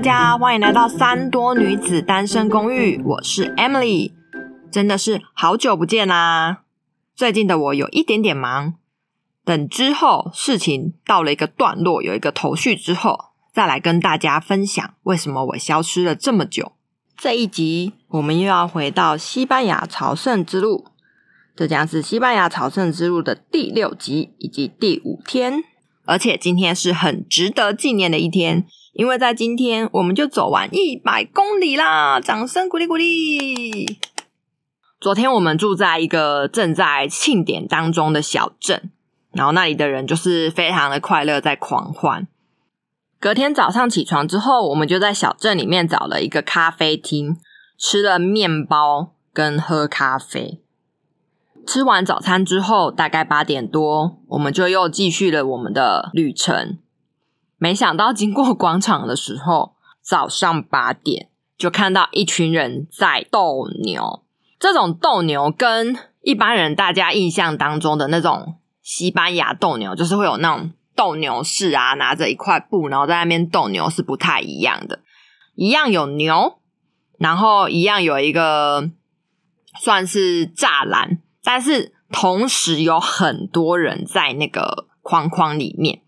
大家歡迎來到三多女子單身公寓，我是 Emily，真的是好久不見啦、啊！最近的我有一點點忙，等之後事情到了一個段落，有一個頭緒之後，再來跟大家分享為什麼我消失了這麼久。這一集我們又要回到西班牙朝聖之路，這將是西班牙朝聖之路的第六集以及第五天，而且今天是很值得紀念的一天。因為在今天，我們就走完一百公里啦！掌聲鼓勵鼓勵！昨天我們住在一個正在慶典當中的小鎮，然後那裡的人就是非常的快樂，在狂歡。隔天早上起床之後，我們就在小鎮裡面找了一個咖啡廳，吃了麵包跟喝咖啡。吃完早餐之後，大概八點多，我們就又繼續了我們的旅程。沒想到經過廣場的時候，早上八點就看到一群人在鬥牛。這種鬥牛跟一般人大家印象當中的那種西班牙鬥牛，就是會有那種鬥牛士啊，拿着一塊布，然後在那邊鬥牛，是不太一樣的。一樣有牛，然後一樣有一個算是柵欄，但是同時有很多人在那個框框裡面。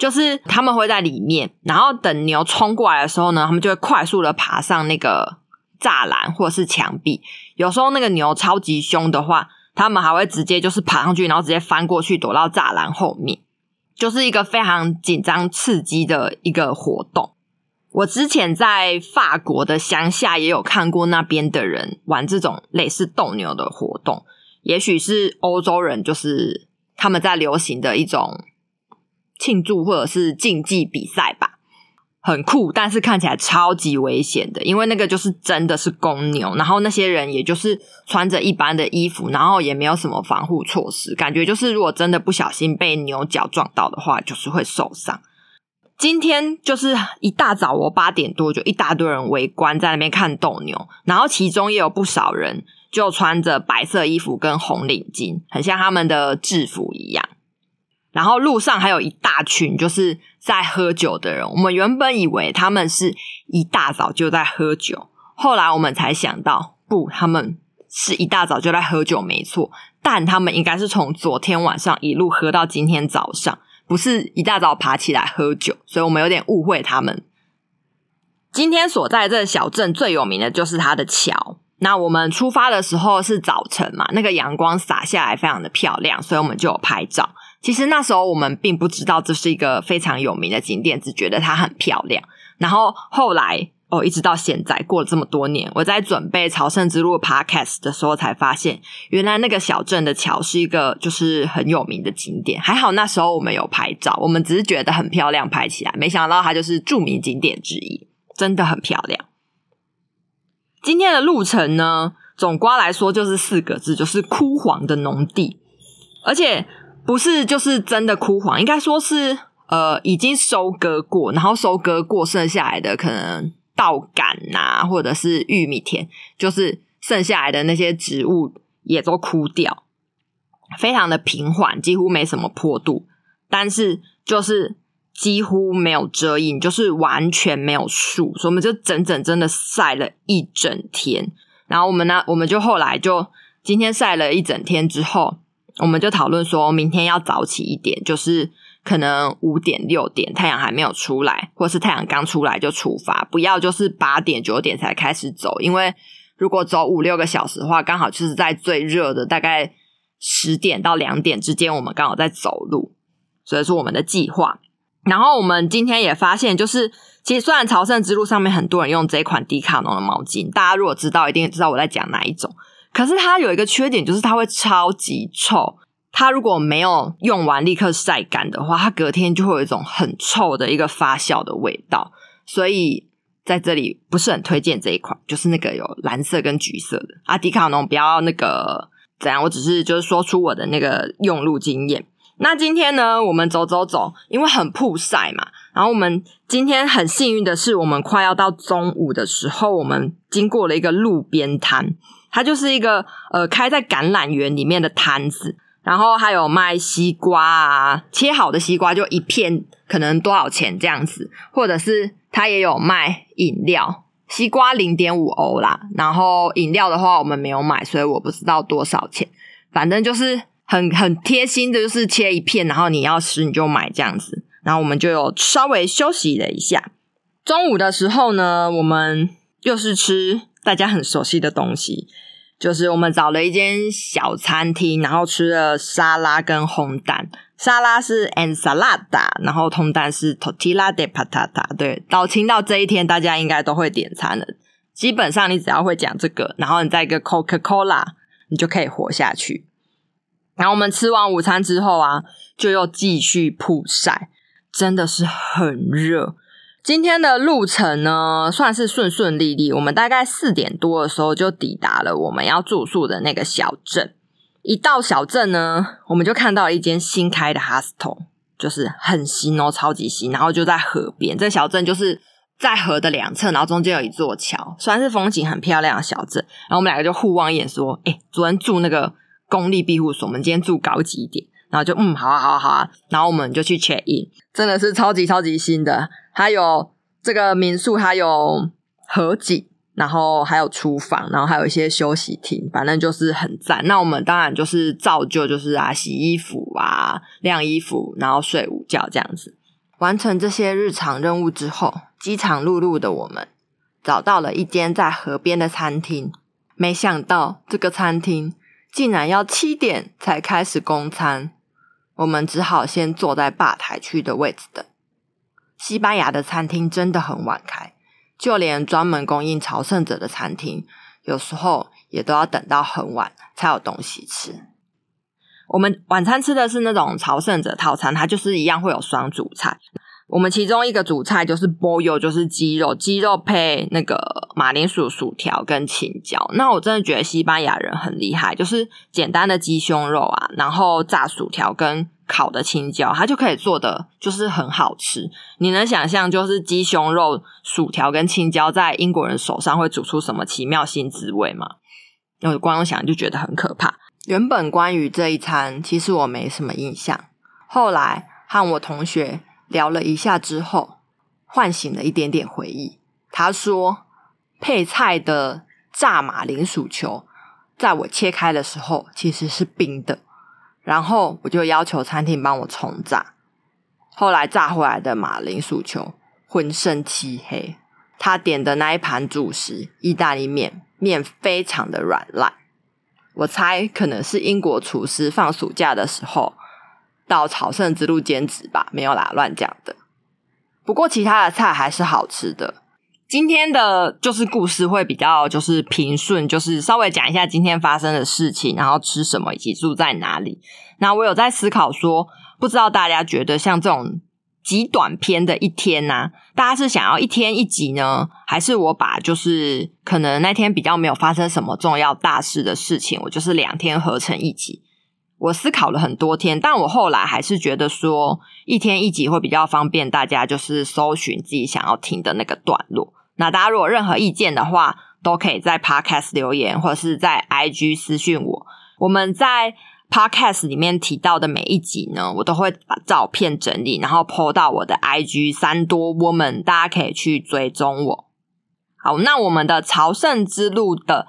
就是他們會在裡面，然後等牛衝過來的時候呢，他們就會快速的爬上那個柵欄或者是牆壁。有時候那個牛超級凶的話，他們還會直接就是爬上去，然後直接翻過去躲到柵欄後面。就是一個非常緊張刺激的一個活動。我之前在法國的鄉下也有看過那邊的人玩這種類似鬥牛的活動，也許是歐洲人就是他們在流行的一種。慶祝或者是競技比賽吧，很酷，但是看起來超級危險的，因為那個就是真的是公牛，然後那些人也就是穿着一般的衣服，然後也沒有什麼防護措施，感覺就是如果真的不小心被牛角撞到的話，就是會受傷。今天就是一大早，我八點多就一大堆人圍觀在那邊看鬥牛，然後其中也有不少人就穿着白色衣服跟紅領巾，很像他們的制服一樣。然後路上還有一大群就是在喝酒的人。我們原本以為他們是一大早就在喝酒，後來我們才想到，不，他們是一大早就在喝酒，沒錯。但他們應該是從昨天晚上一路喝到今天早上，不是一大早爬起來喝酒，所以我們有點誤會他們。今天所在的這個小鎮最有名的就是它的橋。那我們出發的時候是早晨嘛，那個陽光灑下來非常的漂亮，所以我們就有拍照。其實那時候我們並不知道這是一個非常有名的景點，只覺得它很漂亮。然後後來哦，一直到現在過了這麼多年，我在準備朝聖之路的 podcast 的時候才發現，原來那個小鎮的橋是一個就是很有名的景點。還好那時候我們有拍照，我們只是覺得很漂亮，拍起來。沒想到它就是著名景點之一，真的很漂亮。今天的路程呢，總括來說就是四個字，就是枯黃的農地，而且，不是，就是真的枯黃，應該說是呃，已經收割過，然後收割過剩下來的，可能稻杆吶、啊，或者是玉米田，就是剩下來的那些植物也都枯掉，非常的平緩，幾乎沒什麼坡度，但是就是幾乎沒有遮陰，就是完全沒有樹，所以我們就整整真的曬了一整天，然後我們呢，我們就後來就今天曬了一整天之後。我們就討論說，明天要早起一點，就是可能五點六點太陽還沒有出來，或是太陽剛出來就出發，不要就是八點九點才開始走，因為如果走五六個小時的話，剛好就是在最熱的，大概十點到兩點之間，我們剛好在走路，所以說我們的計劃。然後我們今天也發現，就是其實雖然朝聖之路上面很多人用這一款迪卡儂的毛巾，大家如果知道，一定知道我在講哪一種。可是它有一個缺點，就是它會超級臭。它如果沒有用完立刻曬乾的話，它隔天就會有一種很臭的一個發酵的味道。所以在這裡不是很推薦這一款，就是那個有藍色跟橘色的啊，迪卡儂，啊、Decano, 不要那個怎樣。我只是就是說出我的那個用路經驗。那今天呢，我們走走走，因為很曝曬嘛。然後我們今天很幸運的是，我們快要到中午的時候，我們經過了一個路邊攤。它就是一個呃、開在橄欖園裡面的攤子，然後還有賣西瓜啊，切好的西瓜就一片，可能多少錢這樣子，或者是它也有賣飲料，西瓜零點五歐啦。然後飲料的話，我們沒有買，所以我不知道多少錢。反正就是很很貼心的，就是切一片，然後你要吃你就買這樣子。然後我們就有稍微休息了一下。中午的時候呢，我們又是吃。大家很熟悉的東西，就是我們找了一間小餐廳，然後吃了沙拉跟烘蛋。沙拉是 ensalada，然後烘蛋是 tortilla de patata。對，到聽到這一天，大家應該都會點餐了。基本上，你只要會講這個，然後你再一個 Coca-Cola，你就可以活下去。然後我們吃完午餐之後啊，就又繼續曝曬，真的是很熱。今天的路程呢，算是順順利利。我們大概四點多的時候就抵達了我們要住宿的那個小鎮。一到小鎮呢，我們就看到一間新開的 hostel，就是很新哦，超級新。然後就在河邊，這個、小鎮就是在河的兩側，然後中間有一座橋，算是風景很漂亮的小鎮。然後我們兩個就互望一眼，說：“誒、欸，昨天住那個公立庇護所，我們今天住高級一點。”然後就嗯，好啊，好啊，好啊，然後我們就去 check in，真的是超級超級新的，還有這個民宿，還有河景，然後還有廚房，然後還有一些休息廳，反正就是很贊。那我們當然就是照舊，就是啊，洗衣服啊，晾衣服，然後睡午覺這樣子。完成這些日常任務之後，飢腸轆轆的我們找到了一間在河邊的餐廳，沒想到這個餐廳竟然要七點才開始供餐。我們只好先坐在吧台區的位置等。西班牙的餐廳真的很晚開，就連專門供應朝聖者的餐廳，有時候也都要等到很晚才有東西吃。我們晚餐吃的是那種朝聖者套餐，它就是一樣會有雙主菜。我們其中一個主菜就是 pollo，就是雞肉，雞肉配那個馬鈴薯薯條跟青椒。那我真的覺得西班牙人很厲害，就是簡單的雞胸肉啊，然後炸薯條跟烤的青椒，它就可以做的就是很好吃。你能想象就是雞胸肉、薯條跟青椒在英國人手上會煮出什麼奇妙新滋味嗎？有光我光想就覺得很可怕。原本關於這一餐，其實我沒什麼印象。後來和我同學，聊了一下之後，喚醒了一點點回憶。他說，配菜的炸馬鈴薯球，在我切開的時候其實是冰的。然後我就要求餐廳幫我重炸。後來炸回來的馬鈴薯球渾身漆黑。他點的那一盤主食意大利麵，麵非常的軟爛。我猜可能是英國廚師放暑假的時候。到朝聖之路兼職吧，沒有啦，亂講的。不過其他的菜還是好吃的。今天的就是故事會比較就是平順，就是稍微講一下今天發生的事情，然後吃什麼以及住在哪裡。那我有在思考說，不知道大家覺得像這種極短篇的一天吶，大家是想要一天一集呢，還是我把就是可能那天比較沒有發生什麼重要大事的事情，我就是兩天合成一集。我思考了很多天，但我後來還是覺得說，一天一集會比較方便大家，就是搜尋自己想要聽的那個段落。那大家如果任何意見的話，都可以在 podcast 留言，或者是在 IG 私訊我。我們在 podcast 裡面提到的每一集呢，我都會把照片整理，然後 po 到我的 IG 三多 woman，大家可以去追蹤我。好，那我們的朝聖之路的。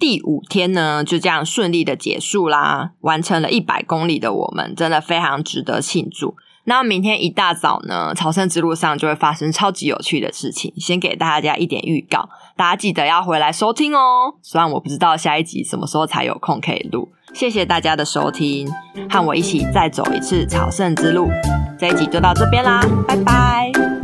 第五天呢，就這樣順利的結束啦，完成了一百公里的我們，真的非常值得慶祝。那明天一大早呢，朝聖之路上就會發生超級有趣的事情，先給大家一點預告，大家記得要回來收聽哦。雖然我不知道下一集什麼時候才有空可以錄，謝謝大家的收聽，和我一起再走一次朝聖之路，這一集就到這邊啦，拜拜。